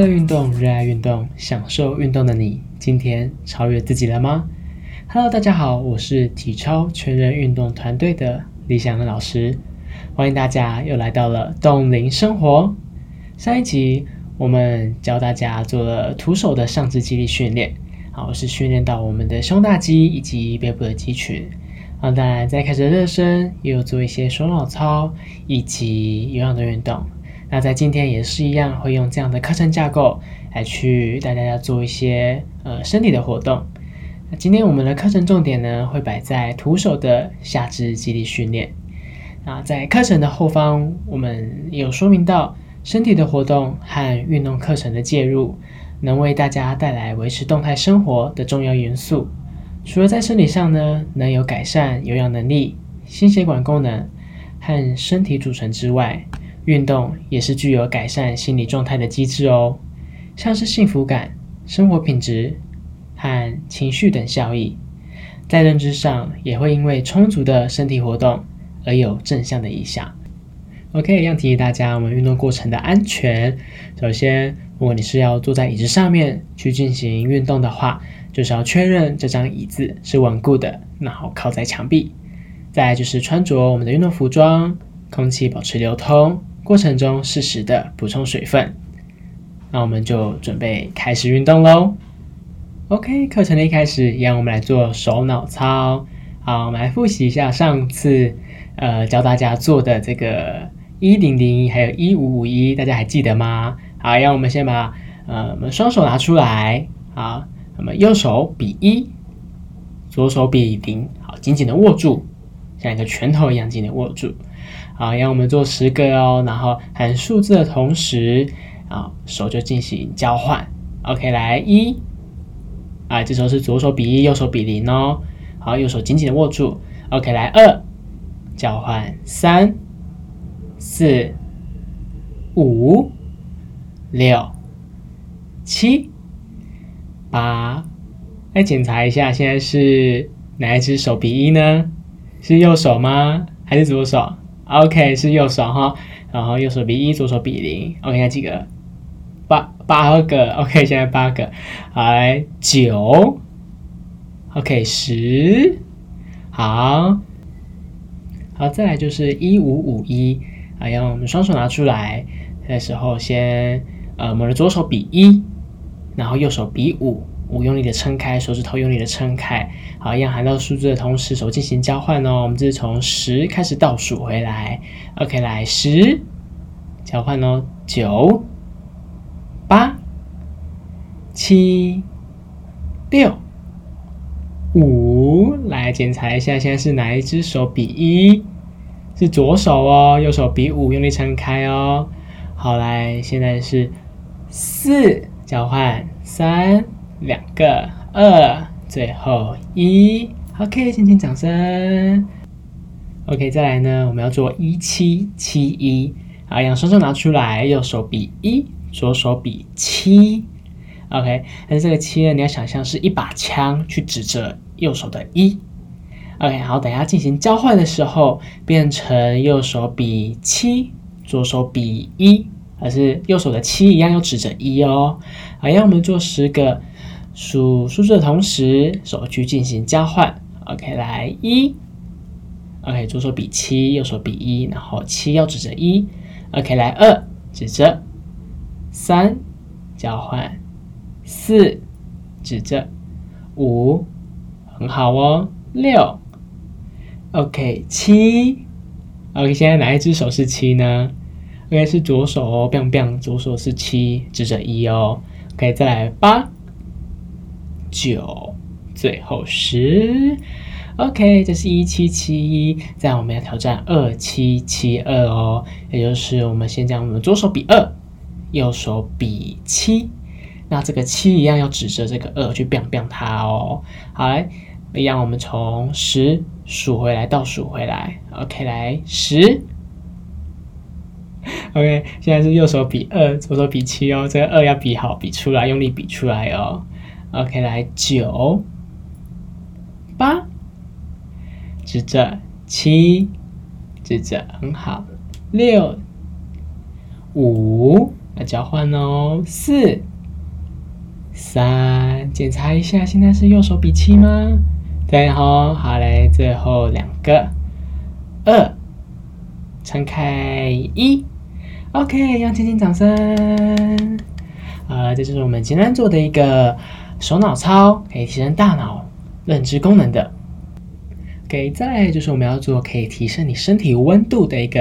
熱愛運動、熱愛運動、享受運動的你，今天超越自己了嗎？Hello，大家好，我是體超全人運動團隊的李祥的老師，歡迎大家又來到了動齡生活。上一集我們教大家做了徒手的上肢肌力訓練，好，我是訓練到我們的胸大肌以及背部的肌群。啊，當然在開始的熱身，也有做一些手腦操以及有氧的運動。那在今天也是一樣，會用這樣的課程架構來去帶大家做一些呃身體的活動。那今天我們的課程重點呢，會擺在徒手的下肢肌力訓練。啊，在課程的後方，我們有說明到身體的活動和運動課程的介入，能為大家帶來維持動態生活的重要元素。除了在身體上呢，能有改善有氧能力、心血管功能和身體組成之外。運動也是具有改善心理狀態的機製哦，像是幸福感、生活品質和情緒等效益，在認知上也會因為充足的身體活動而有正向的影響。OK，要提醒大家我們運動過程的安全。首先，如果你是要坐在椅子上面去進行運動的話，就是要確認這張椅子是穩固的，然後靠在牆壁。再就是穿着我們的運動服裝，空氣保持流通。過程中適時的補充水分，那我們就準備開始運動嘍。OK，課程的一開始，讓我們來做手腦操。好，我們來複習一下上次，呃，教大家做的這個一零零一，還有一五五一，大家還記得嗎？好，讓我們先把，呃，我們雙手拿出來，好，我們右手比一，左手比零，好，緊緊的握住，像一個拳頭一樣緊緊握住。好，讓我們做十個哦。然後喊數字的同時，啊，手就進行交換。OK，來一，啊，這時候是左手比一，右手比零哦。好，右手緊緊的握住。OK，來二，交換三、四、五、六、七、八。來檢查一下，現在是哪一只手比一呢？是右手嗎？還是左手？OK 是右手哈，然後右手比一，左手比零。我們看幾個，八八個 OK，現在八個，好來九，OK 十，好，好再來就是一五五一，好，然後我們雙手拿出來那時候先，先呃我們的左手比一，然後右手比五。五用力的撐開，手指頭用力的撐開。好，一樣喊到數字的同時，手進行交換哦。我們這是從十開始倒數回來。OK，來十，交換哦。九、八、七、六、五，來檢查一下，現在是哪一隻手比一？是左手哦，右手比五用力撐開哦。好，來現在是四，交換三。兩個二，最後一，OK，輕輕掌聲。OK，再來呢，我們要做一七七一好，養生針拿出來，右手比一，左手比七，OK，但是這個七呢，你要想象是一把槍去指着右手的一，OK，好，等下進行交換的時候，變成右手比七，左手比一，還是右手的七一樣要指着一哦，好，讓我們做十個。數數字的同時，手去進行交換。OK，來一，OK，左手比七，右手比一，然後七要指着一。OK，來二，2，指着三，交換四，指着五，很好哦。六，OK，七，OK，現在哪一隻手是七呢？應該、OK，是左手哦，棒棒，左手是七，指着一哦。可、OK，以再來八。8九，最後十，OK，這是一七七一。再來我們要挑戰二七七二哦，也就是我們先將我們左手比二，右手比七，那這個七一樣要指着這個二去變變它哦。好嘞，一樣我們從十數回來，倒數回來，OK，來十，OK，現在是右手比二，左手比七哦，這個二要比好，比出來，用力比出來哦。OK，來九八指着七，七，指着很好，六五來交換哦，四三檢查一下，現在是右手比七嗎？對、哦、好，好嘞，最後兩個二撐開一，OK，讓輕輕掌聲。啊，這就是我們今天做的一個手腦操可以提升大腦認知功能的。給、okay，再來就是我們要做可以提升你身體溫度的一個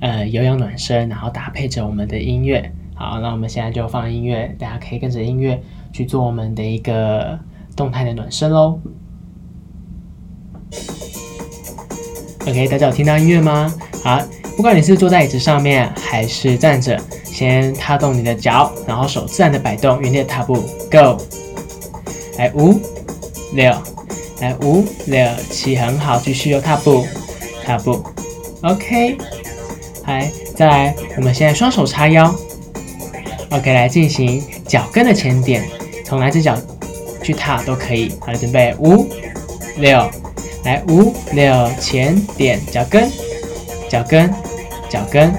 呃有氧暖身，然後搭配着我們的音樂。好，那我們現在就放音樂，大家可以跟着音樂去做我們的一個動態的暖身嘍。OK，大家有聽到音樂嗎？好，不管你是坐在椅子上面還是站着，先踏動你的腳，然後手自然的擺動，原地踏步，Go。來五六，5, 6, 來五六七，很好，繼續喲、哦，踏步，踏步，OK，來再來，我們現在雙手叉腰，OK，來進行腳跟的前點，從哪隻腳去踏都可以，好，準備五六，5, 6, 來五六前點腳跟，腳跟，腳跟，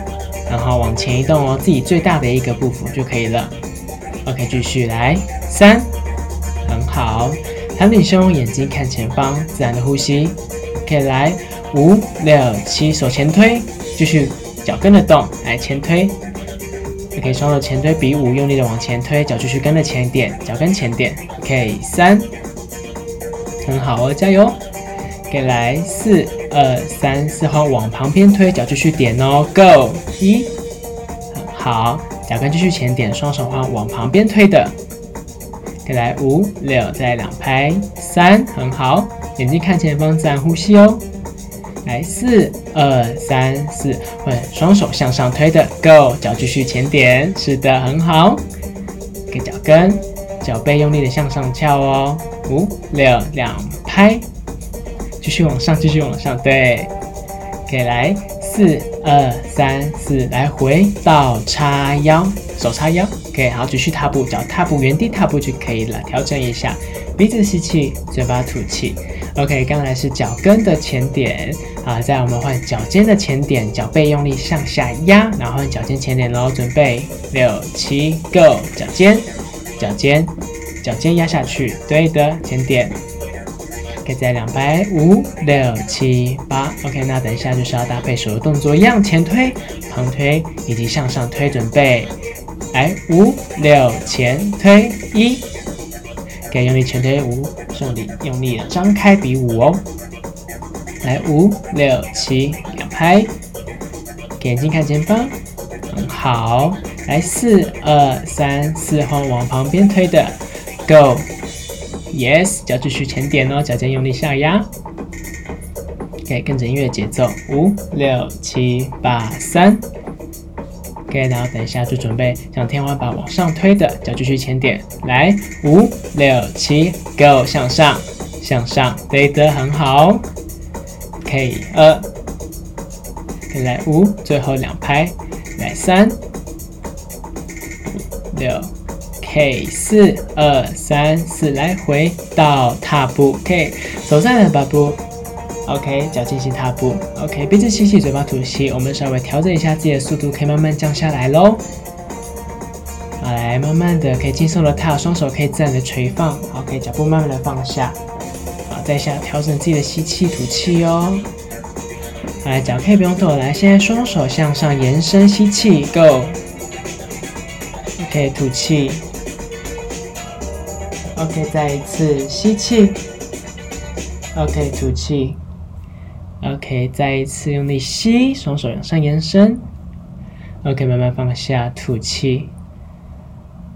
然後往前移動哦，自己最大的一個步幅就可以了，OK，繼續來三。3, 好，彈起胸，眼睛看前方，自然的呼吸。okay，來五、六、七，手前推，繼續腳跟着動，來前推。okay，雙手前推比五，用力的往前推，腳繼續跟着前點，腳跟前點。ok 三，很好哦，加油！okay，來四、二、三，四號往旁邊推，腳繼續點哦，Go！一，好，腳跟繼續前點，雙手往旁邊推的。來 5, 6, 再來五六，再來兩拍，三，很好，眼睛看前方，自然呼吸哦。來四二三四，4, 2, 3, 4, 換，雙手向上推的，Go，腳繼續前點，是的，很好。給腳跟，腳背用力的向上翹哦。五六兩拍，繼續往上，繼續往上，對，可以來四二三四來回到叉腰，手叉腰。OK，好，繼續踏步，腳踏步，原地踏步就可以了。調整一下，鼻子吸氣，嘴巴吐氣。OK，剛才是腳跟的前點，好，再來我們換腳尖的前點，腳背用力向下壓，然後換腳尖前點囉，準備六七 Go，腳尖，腳尖，腳尖壓下去，對的前點。OK，再兩拍五六七八，OK，那等一下就是要搭配手的動作，一樣前推、旁推以及向上推，準備。來五六前推一，給用力前推五，用力用力的張開比五哦。來五六七兩拍給，眼睛看前方，很、嗯、好。來四二三四後往旁邊推的，Go，Yes，腳趾去前點哦，腳尖用力下壓，給跟着音樂節奏五六七八三。5, 6, 7, 8, o、okay, K，然後等一下就準備向天花板往上推的腳繼續前點，來五六七 Go 向上向上，對的，很好。K、okay, 二、呃，okay, 來五，5, 最後兩拍，來三五六 K 四二三四來回到踏步 K，走，再來八步。Okay, OK，腳進行踏步。OK，鼻子吸氣，嘴巴吐氣。我們稍微調整一下自己的速度，可以慢慢降下來嘍。好，來慢慢的，可以輕鬆的踏，雙手可以自然的垂放，好，可以腳步慢慢的放下。好，再一下調整自己的吸氣吐氣哦。好，腳可以不用動，來，現在雙手向上延伸吸氣，吸氣，Go。OK，吐氣。OK，再一次吸氣。OK，吐氣。OK，再一次用力吸，雙手向上延伸。OK，慢慢放下，吐氣。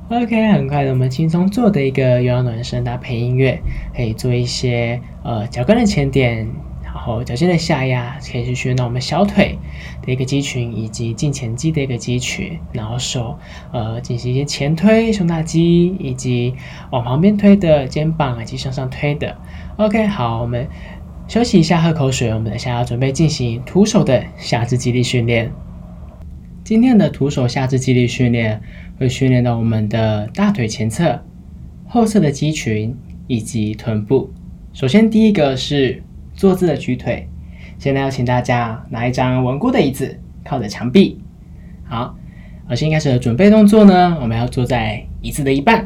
OK，很快的，我們輕鬆做的一個有氧暖身，搭配音樂，可以做一些呃腳跟的前點，然後腳尖的下壓，可以去訓練到我們小腿的一個肌群以及脛前肌的一個肌群，然後手呃進行一些前推胸大肌以及往旁邊推的肩膀以及向上推的。OK，好，我們。休息一下，喝口水。我們等下要準備進行徒手的下肢肌力訓練。今天的徒手下肢肌力訓練會訓練到我們的大腿前側、後側的肌群以及臀部。首先，第一個是坐姿的舉腿。現在要請大家拿一張穩固的椅子，靠着牆壁。好，我先開始的準備動作呢，我們要坐在椅子的一半。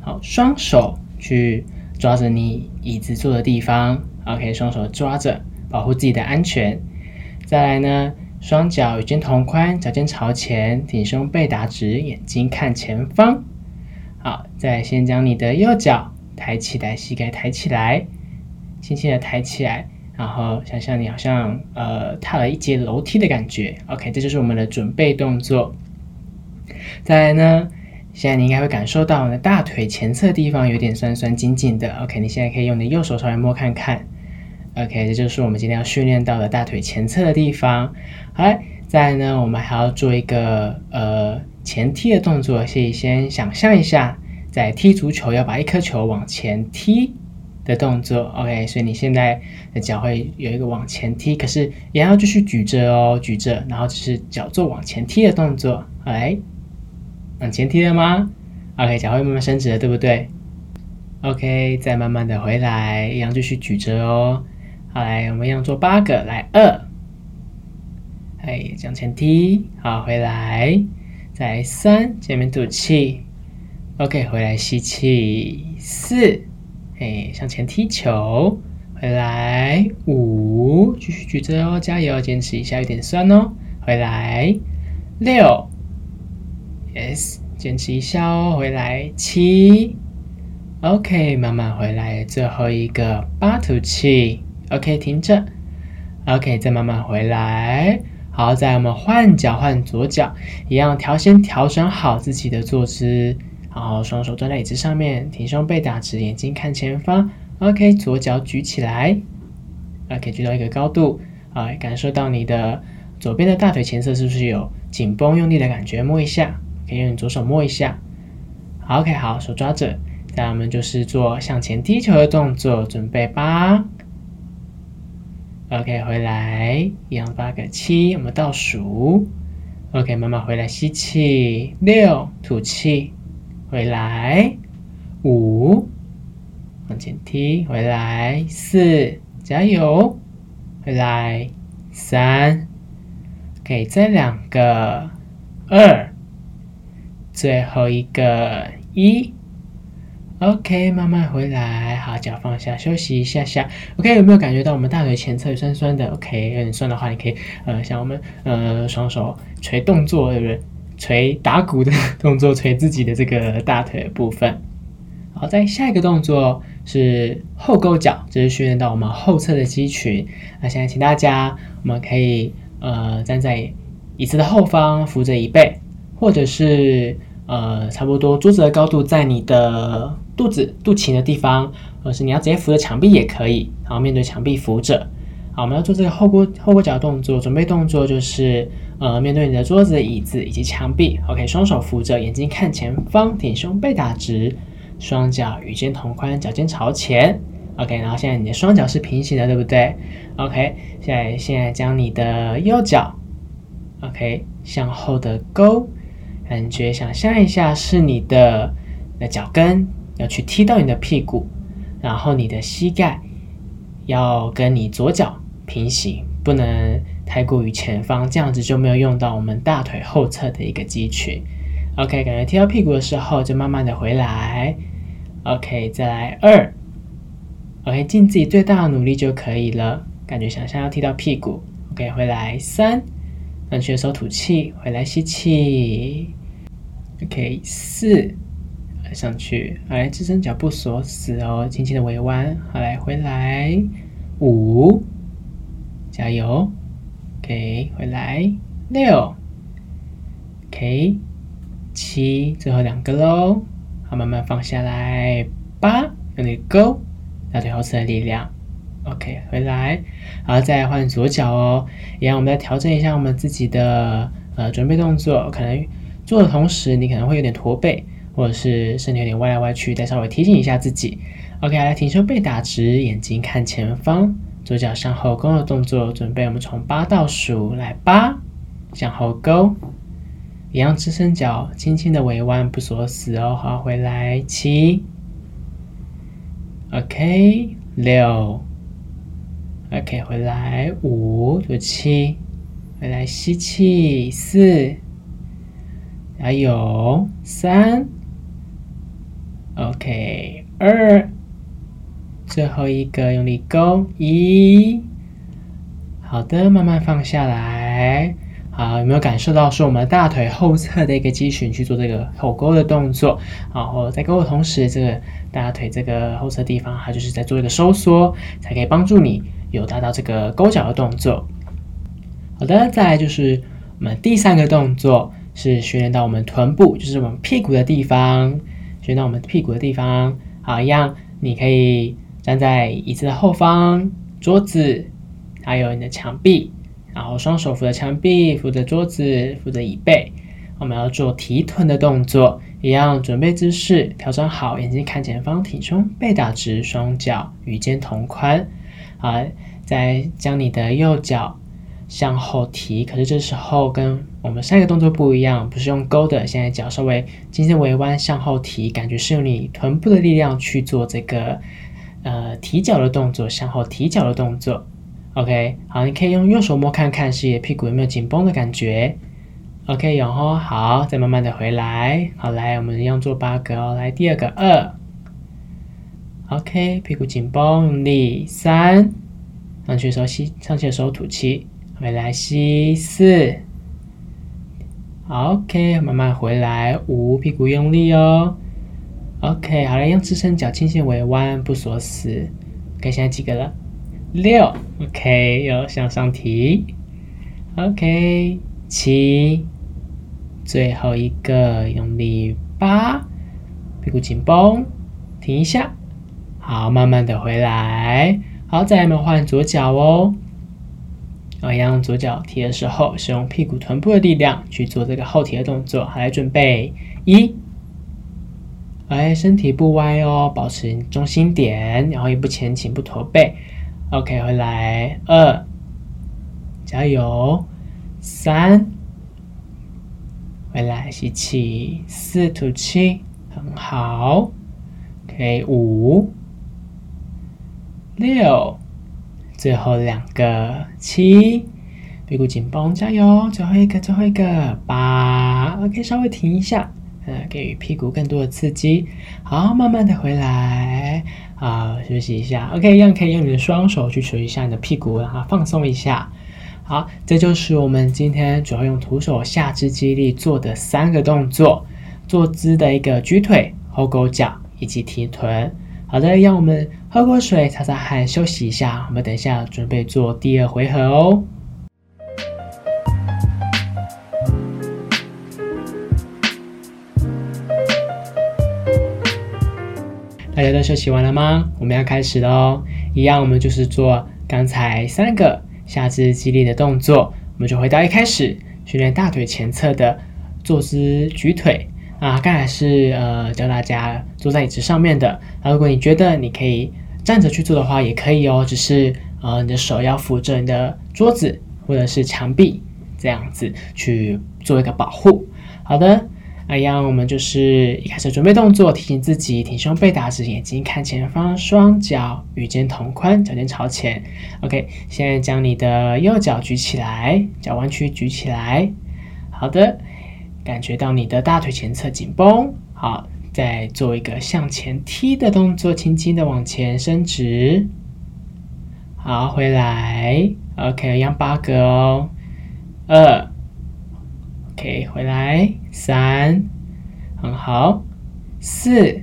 好，雙手去抓着你椅子坐的地方。OK，雙手抓着，保護自己的安全。再來呢，雙腳與肩同寬，腳尖朝前，挺胸背打直，眼睛看前方。好，再先將你的右腳抬起來，膝蓋抬起來，輕輕地抬起來，然後想象你好像呃踏了一節樓梯的感覺。OK，這就是我們的準備動作。再來呢，現在你應該會感受到你的大腿前側的地方有點酸酸、緊緊的。OK，你現在可以用你的右手稍微摸看看。OK，這就是我們今天要訓練到的大腿前側的地方。好來，再來呢，我們還要做一個呃前踢的動作，所以先想象一下，在踢足球要把一顆球往前踢的動作。OK，所以你現在的腳會有一個往前踢，可是也要繼續舉着哦，舉着，然後只是腳做往前踢的動作。好來，往前踢了嗎？OK，腳會慢慢伸直了，對不對？OK，再慢慢的回來，一樣繼續舉着哦。好，來，我們一樣做八個。來二，哎、hey,，向前踢，好，回來，再來三，前面吐氣，OK，回來吸氣，四，哎、hey,，向前踢球，回來五，繼續舉着哦，加油，堅持一下，有點酸哦，回來六，Yes，堅持一下哦，回來七，OK，慢慢回來，最後一個八吐氣。OK，停着。OK，再慢慢回來。好，再我們換腳，換左腳，一樣調先調整好自己的坐姿，然後雙手抓在椅子上面，挺胸背打直，眼睛看前方。OK，左腳舉起來，OK，舉到一個高度啊，感受到你的左邊的大腿前側是不是有緊繃用力的感覺？摸一下，可、okay，以用左手摸一下。OK，好，手抓着，再我們就是做向前踢球的動作，準備吧。OK，回來，一樣八個七，我們倒數。OK，慢慢回來吸氣六，吐氣回來五，往前踢回來四，加油回來三，給這兩個二，最後一個一。OK，慢慢回來，好，腳放下，休息一下下。OK，有沒有感覺到我們大腿前側酸酸的？OK，有點酸的話，你可以呃，像我們呃，雙手捶動作，對不對？捶打鼓的動作，捶自己的這個大腿部分。好，再下一個動作是後勾腳，這，就是訓練到我們後側的肌群。那現在，請大家，我們可以呃，站在椅子的後方，扶着椅背，或者是呃，差不多桌子的高度在你的。肚子肚臍的地方，或者是你要直接扶着牆壁也可以，然後面對牆壁扶着。好，我們要做這個後勾後勾腳的動作，準備動作就是，呃，面對你的桌子、椅子以及牆壁。OK，雙手扶着，眼睛看前方，挺胸背打直，雙腳與肩同寬，腳尖朝前。OK，然後現在你的雙腳是平行的，對不對？OK，現在現在將你的右腳，OK，向後的勾，感覺想象一下是你的你的腳跟，要去踢到你的屁股，然後你的膝蓋要跟你左腳平行，不能太過於前方，這樣子就沒有用到我們大腿後側的一個肌群。OK，感覺踢到屁股的時候就慢慢的回來。OK，再來二。OK，盡自己最大的努力就可以了。感覺想象要踢到屁股。OK，回來三，彎曲的時候吐氣，回來吸氣。OK，四。來上去，好來支撐，腳不鎖死哦，輕輕的微彎，好來回來五，加油，OK 回來六，OK 七，最後兩個嘍，好慢慢放下來八，用力勾，大腿後側的力量，OK 回來，好，再換左腳哦，一樣，我們再調整一下我們自己的呃準備動作，可能做的同時你可能會有點駝背。或者是身體有點歪來歪去，再稍微提醒一下自己。OK，來挺胸背打直，眼睛看前方，左腳向後勾的動作準備。我們從八倒數來八，向後勾，一樣支撐腳，輕輕的微彎不鎖死哦。好，回來七，OK 六，OK 回來五，左七，回來吸氣四，還有三。OK，二，最後一個用力勾一，好的，慢慢放下來。好，有沒有感受到是我們大腿後側的一個肌群，去做這個後勾的動作？好，然後在勾的同時，這個大腿這個後側地方，它就是在做一個收縮，才可以幫助你有達到這個勾腳的動作。好的，再來就是我們第三個動作是訓練到我們臀部，就是我們屁股的地方。舉到我們屁股的地方，好，一樣，你可以站在椅子的後方，桌子，還有你的牆壁，然後雙手扶着牆壁，扶着桌子，扶着椅背。我們要做提臀的動作，一樣準備姿勢，調整好，眼睛看前方，挺胸，背打直，雙腳與肩同寬，好，再將你的右腳。向後提，可是這時候跟我們上一個動作不一樣，不是用勾的。現在腳稍微輕輕微彎，向後提，感覺是用你臀部的力量去做這個呃提腳的動作，向後提腳的動作。OK，好，你可以用右手摸看看，是屁股有沒有緊繃的感覺？OK，然後好，再慢慢的回來。好，來，我們一樣做八個哦。來，第二個二，OK，屁股緊繃，用力三，上去的時候吸，上去手吐氣。回來吸四，好，OK，慢慢回來五，屁股用力哦，OK，好了，用支撐腳輕輕微彎，不鎖死，看，OK，現在幾個了？六，OK，又向上提，OK，七，最後一個用力八，屁股緊繃，停一下，好，慢慢的回來，好，再來我們換左腳哦。然後用左腳踢的時候，使用屁股、臀部的力量去做這個後踢的動作。好，來準備一，哎，身體不歪哦，保持中心點，然後也不前傾、不駝背。OK，回來二，加油三，回來吸氣四，4，吐氣很好，ok 五六。最後兩個七，屁股緊繃，加油！最後一個，最後一個八，OK，稍微停一下，呃、嗯，給予屁股更多的刺激。好，慢慢的回來，好，休息一下，OK，一樣可以用你的雙手去捶一下你的屁股，然後放鬆一下。好，這就是我們今天主要用徒手下肢肌力做的三個動作：坐姿的一個舉腿、後勾腳以及提臀。好的，讓我們。喝口水，擦擦汗，休息一下。我們等一下準備做第二回合哦。大家都休息完了嗎？我們要開始咯。一樣，我們就是做剛才三個下肢肌力的動作。我們就回到一開始訓練大腿前側的坐姿舉腿啊。剛才是呃教大家坐在椅子上面的。啊，如果你覺得你可以。站着去做的話也可以哦，只是呃，你的手要扶着你的桌子或者是牆壁，這樣子去做一個保護。好的，哎呀，我們就是一開始準備動作，提醒自己挺胸背大直背打直，眼睛看前方，雙腳與肩同寬，腳尖朝前。OK，現在將你的右腳舉起來，腳彎曲舉起來。好的，感覺到你的大腿前側緊繃，好。再做一個向前踢的動作，輕輕的往前伸直。好，回來，OK，一樣八個哦，二，OK，回來，三，很好，四，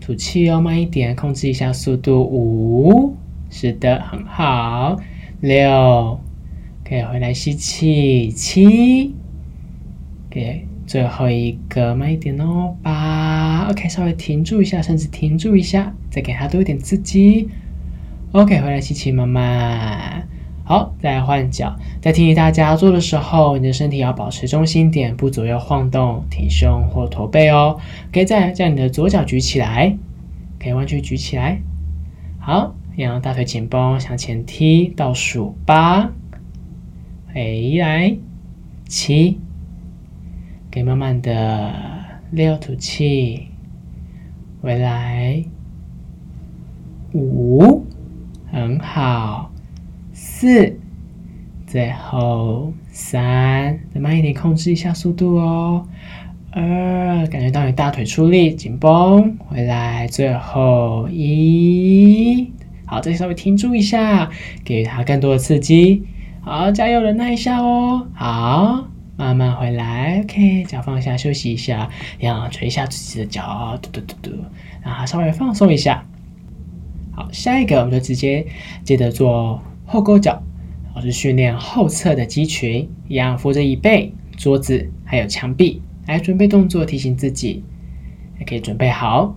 吐氣哦，慢一點，控制一下速度，五，是的，很好，六，可以，OK，回來吸氣，七，給、OK。最後一個慢一點哦，八，OK，稍微停住一下，甚至停住一下，再給它多一點刺激。OK，回來，輕輕慢慢。好，再來換腳，在提醒大家做的時候，你的身體要保持中心點，不左右晃動，挺胸或駝背哦。可、okay, 以再將你的左腳舉起來，可、okay, 以彎曲舉起來。好，然後大腿緊繃，向前踢，倒數八，回來，七。給慢慢的，六吐氣，回來，五，很好，四，最後三，再慢一點，控制一下速度哦，二，感覺到你大腿出力，緊繃，回來，最後一，好，再稍微停住一下，給它更多的刺激，好，加油，忍耐一下哦，好。慢慢回來，OK，腳放下休息一下，然後捶一下自己的腳，嘟嘟嘟嘟，然後稍微放鬆一下。好，下一個我們就直接接着做後勾腳，我是訓練後側的肌群，一樣扶着椅背、桌子還有牆壁來準備動作，提醒自己，可以準備好，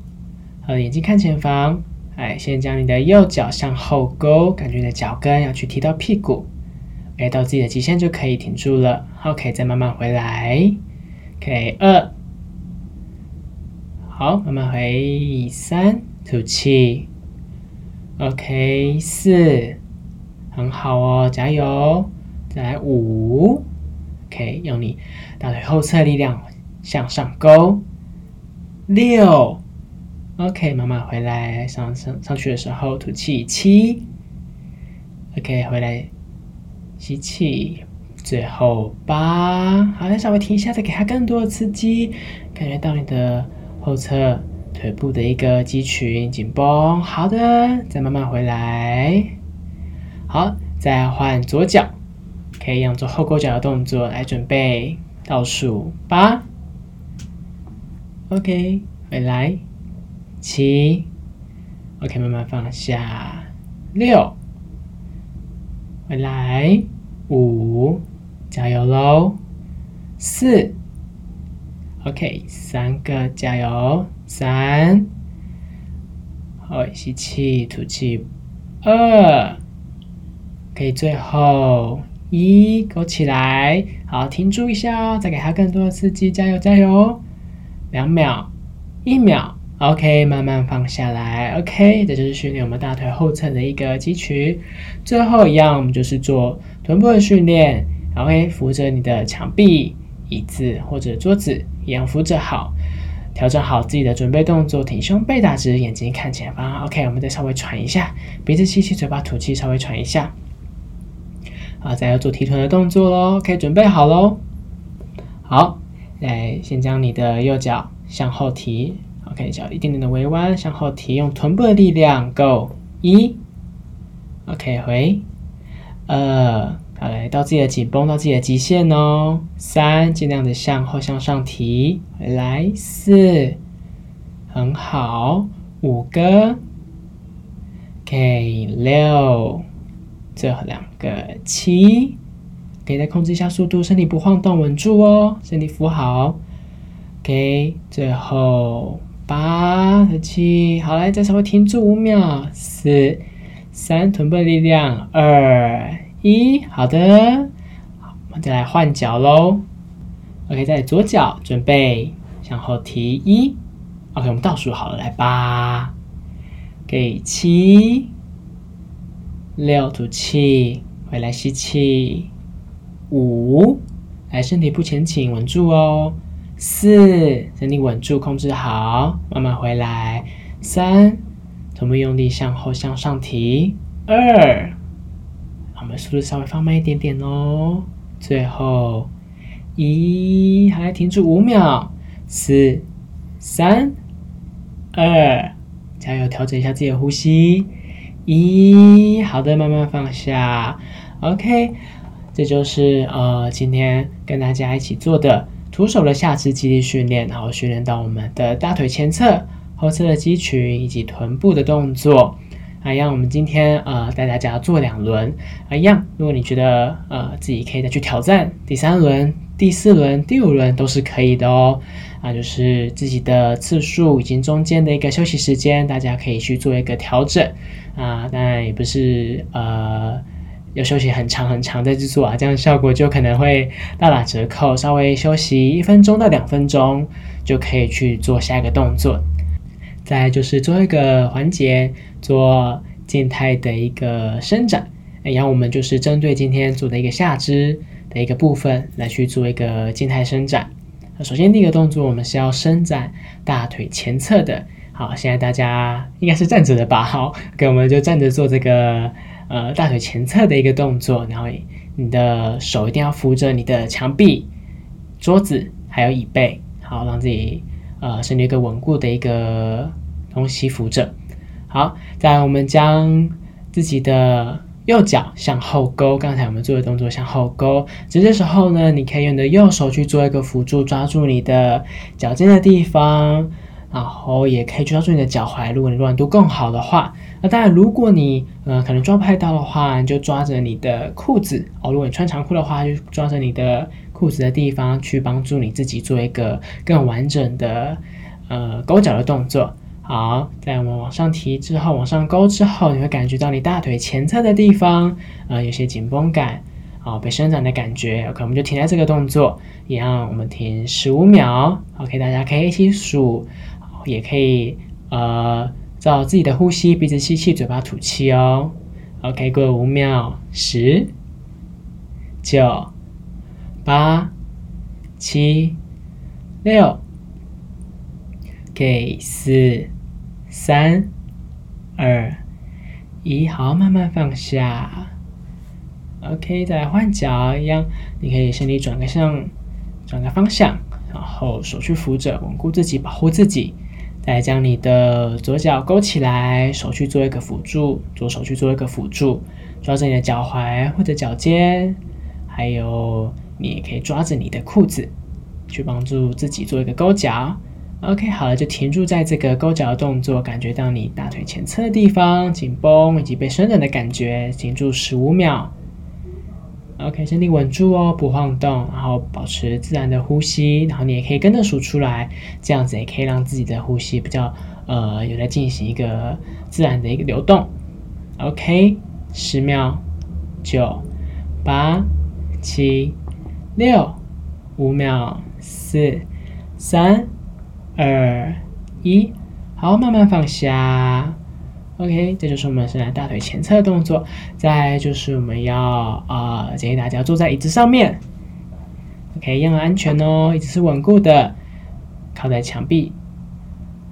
呃，眼睛看前方，哎，先將你的右腳向後勾，感覺你的腳跟要去踢到屁股。來、okay, 到自己的極限就可以停住了。OK，再慢慢回來。K、okay, 二，好，慢慢回，三，吐氣。OK 四，很好哦，加油！再來五可以、okay, 用你大腿後側力量向上勾。六，OK，慢慢回來，上上上去的時候吐氣七。OK，回來。吸氣，最後八，好，再稍微停一下，再給它更多的刺激，感覺到你的後側腿部的一個肌群緊繃，好的，再慢慢回來，好，再換左腳，可、OK, 以用做後勾腳的動作來準備倒數八，OK，回來，七，OK，慢慢放下，六，回來。五，加油嘍！四，OK，三個加油，三，好，吸氣，吐氣，二，可以最後一，勾起來，好，停住一下哦，再給他更多的刺激，加油加油，兩秒，一秒。OK，慢慢放下來。OK，這就是訓練我們大腿後側的一個肌群。最後一樣，我們就是做臀部的訓練。OK，扶着你的牆壁、椅子或者桌子，一樣扶着好，調整好自己的準備動作，挺胸背打直，眼睛看前方。OK，我們再稍微喘一下，鼻子吸氣，嘴巴吐氣，稍微喘一下。好，再要做提臀的動作嘍，可、OK，以準備好嘍。好，來，先將你的右腳向後提。看一下，okay，一點點的微彎，向後提，用臀部的力量，Go！一，OK，回，二，好，來到自己的緊繃，到自己的極限哦。三，盡量的向後向上提，回來四，4，很好，五個，給六，最後兩個七，可以再控制一下速度，身體不晃動，穩住哦，身體扶好，給、okay，最後。八、吐氣，好來，再稍微停住五秒，四、三，臀部力量，二、一，好的，我們再來換腳嘍。OK，在左腳，準備，向後提一，OK，我們倒數好了，來八、給七、六，吐氣，回來吸氣，五，來，身體不前傾，穩住哦。四，身體穩住，控制好，慢慢回來。三，臀部用力向後向上提。二，我們速度稍微放慢一點點哦。最後，一，還來，停住五秒。四、三、二，加油，調整一下自己的呼吸。一，好的，慢慢放下。OK，這就是呃，今天跟大家一起做的。徒手的下肢肌力訓練，然後訓練到我們的大腿前側、後側的肌群以及臀部的動作。啊，讓我們今天啊、呃、帶大家做兩輪啊，一樣。如果你覺得呃自己可以再去挑戰第三輪、第四輪、第五輪都是可以的哦。啊，就是自己的次數以及中間的一個休息時間，大家可以去做一個調整啊。當然也不是呃。要休息很長很長的次數啊，這樣效果就可能會大打折扣，稍微休息一分鐘到兩分鐘，就可以去做下一個動作。再就是最後一個環節，做靜態的一個伸展。然後我們就是針對今天做的一個下肢的一個部分來去做一個靜態伸展。首先第一個動作，我們是要伸展大腿前側的。好，現在大家應該是站着的吧？好，給我們就站着做這個。呃，大腿前側的一個動作，然後你的手一定要扶着你的牆壁、桌子還有椅背，好讓自己呃身體一個穩固的一個東西扶着好，再來我們將自己的右腳向後勾，剛才我們做的動作向後勾。這些時候呢，你可以用你的右手去做一個輔助，抓住你的腳尖的地方，然後也可以抓住你的腳踝，如果你柔軟度更好的話。當然，但如果你呃可能抓不太到的話，你就抓着你的褲子哦。如果你穿長褲的話，就抓着你的褲子的地方去幫助你自己做一個更完整的呃勾腳的動作。好，在我們往上提之後，往上勾之後，你會感覺到你大腿前側的地方啊、呃、有些緊繃感，好、哦、被伸展的感覺。OK，我們就停在這個動作，一樣，我們停十五秒。OK，大家可以一起數，也可以呃。找自己的呼吸，鼻子吸氣，嘴巴吐氣哦。OK，過五秒，十、九、八、七、六，給、OK，四、三、二、一，好好慢慢放下。OK，再來換腳一樣，你可以身體轉個向，轉個方向，然後手去扶着，穩固自己，保護自己。來，將你的左腳勾起來，手去做一個輔助，左手去做一個輔助，抓着你的腳踝或者腳尖，還有你可以抓着你的褲子，去幫助自己做一個勾腳。OK，好了，就停住在這個勾腳的動作，感覺到你大腿前側的地方緊繃以及被伸展的感覺，停住十五秒。OK，身體穩住哦，不晃動，然後保持自然的呼吸，然後你也可以跟着數出來，這樣子也可以讓自己的呼吸比較，呃，有在進行一個自然的一個流動。OK，十秒，九，八，七，六，五秒，四，三，二，一，好，慢慢放下。OK，這就是我們伸展大腿前側的動作。再就是我們要啊、呃，建議大家坐在椅子上面，OK，一樣安全哦，椅子是穩固的，靠在牆壁。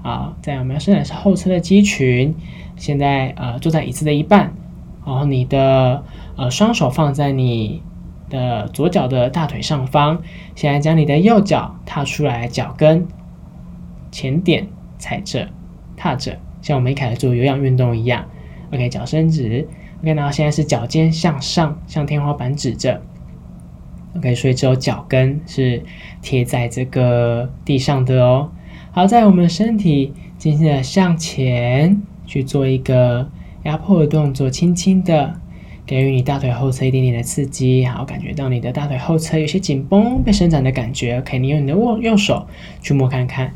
好，再我們要伸展是後側的肌群。現在啊、呃，坐在椅子的一半，然後你的呃雙手放在你的左腳的大腿上方。現在將你的右腳踏出來，腳跟前點踩着，踏着。像我們一開始做有氧運動一樣，OK，腳伸直，OK，然後現在是腳尖向上，向天花板指着，OK，所以只有腳跟是貼在這個地上的哦。好，在我們身體輕輕的向前去做一個壓迫的動作，輕輕的給予你大腿後側一點點的刺激，好，感覺到你的大腿後側有些緊繃、被伸展的感覺，可以利用你的握右手去摸看看。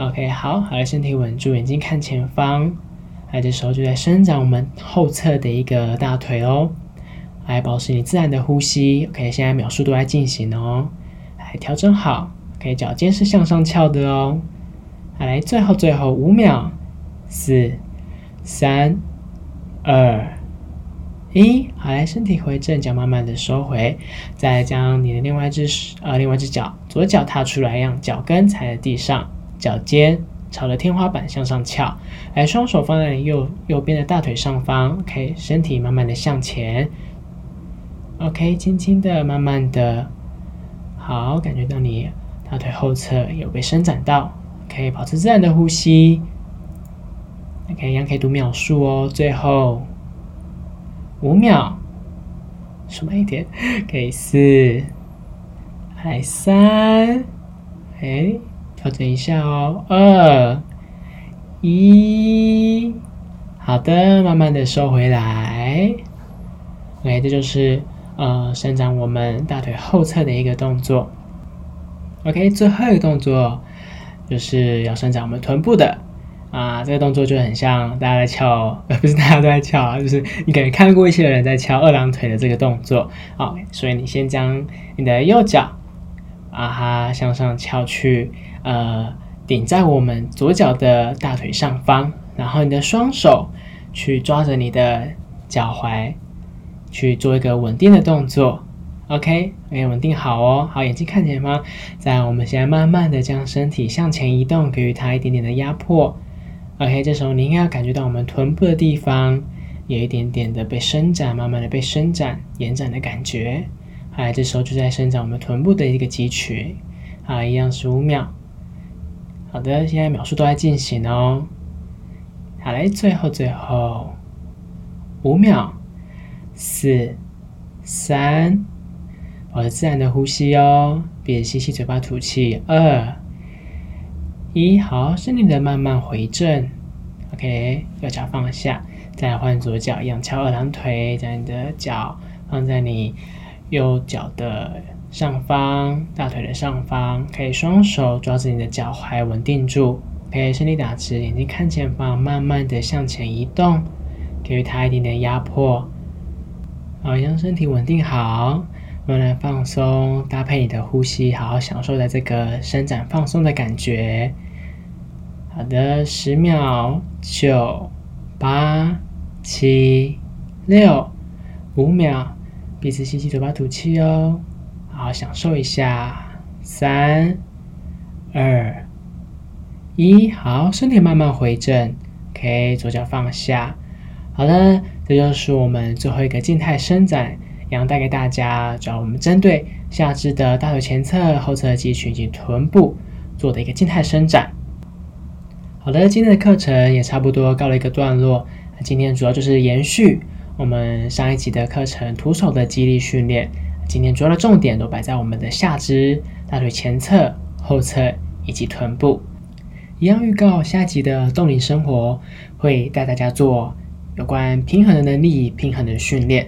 OK，好，好來，身體穩住，眼睛看前方。好，這時候就在伸展我們後側的一個大腿哦。來，保持你自然的呼吸。OK，現在秒數都在進行哦。來，調整好可以、OK，腳尖是向上翹的哦。好來，最後最後五秒，四、三、二、一，好來，身體回正，腳慢慢的收回，再將你的另外一隻呃，另外一隻腳，左腳踏出來，讓腳跟踩在地上。腳尖朝着天花板向上翹，來，雙手放在你右右邊的大腿上方可以、OK, 身體慢慢的向前，OK，輕輕的，慢慢的，好，感覺到你大腿後側有被伸展到，可、OK, 以保持自然的呼吸，ok，一樣可以讀秒數哦，最後五秒，數慢一點，可以四，還三，哎。調整一下哦，二一，好的，慢慢的收回來。OK，這就是呃，伸展我們大腿後側的一個動作。OK，最後一個動作就是要伸展我們臀部的啊。這個動作就很像大家在翹，呃，不是大家都在翹啊，就是你可能看過一些人在翹二郎腿的這個動作。好，所以你先將你的右腳啊哈向上翹去。呃，頂在我們左腳的大腿上方，然後你的雙手去抓着你的腳踝，去做一個穩定的動作。OK，哎、okay，穩定好哦。好，眼睛看前方。在我們現在慢慢的將身體向前移動，給予它一點點的壓迫。OK，這時候你應該要感覺到我們臀部的地方有一點點的被伸展，慢慢的被伸展、延展的感覺。哎，啊，這時候就在伸展我們臀部的一個肌群。啊，一樣十五秒。好的，現在秒數都在進行哦。好嘞，最後最後五秒，四、三，保持自然的呼吸哦，鼻子吸氣，嘴巴吐氣。二、一，好，身體的慢慢回正。OK，右腳放下，再換左腳，一樣翹二郎腿，將你的腳放在你右腳的。上方大腿的上方，可以雙手抓住你的腳踝穩定住，可以身體打直，眼睛看前方，慢慢的向前移動，給予它一點點壓迫，好，讓身體穩定好，慢慢放鬆，搭配你的呼吸，好好享受在這個伸展放鬆的感覺。好的，十秒，九，八，七，六，五秒，鼻子吸氣，嘴巴吐氣哦。好，享受一下，三、二、一，好，身體慢慢回正，OK，左腳放下。好了，這就是我們最後一個靜態伸展，然後帶給大家，主要我們針對下肢的大腿前側、後側肌群以及臀部做的一個靜態伸展。好的，今天的課程也差不多告了一個段落。今天主要就是延續我們上一集的課程，徒手的肌力訓練。今天主要的重點都擺在我們的下肢、大腿前側、後側以及臀部。一樣預告下集的動齡生活會帶大家做有關平衡的能力、平衡的訓練，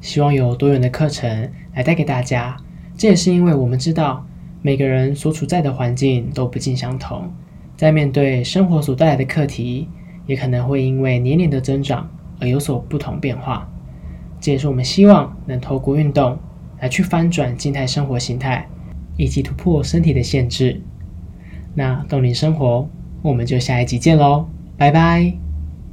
希望有多元的課程來帶給大家。這也是因為我們知道每個人所處在的環境都不盡相同，在面對生活所帶來的課題，也可能會因為年齡的增長而有所不同變化。這也是我們希望能透過運動來去翻轉靜態生活形態，以及突破身體的限制。那動齡生活，我們就下一集見嘍，拜拜。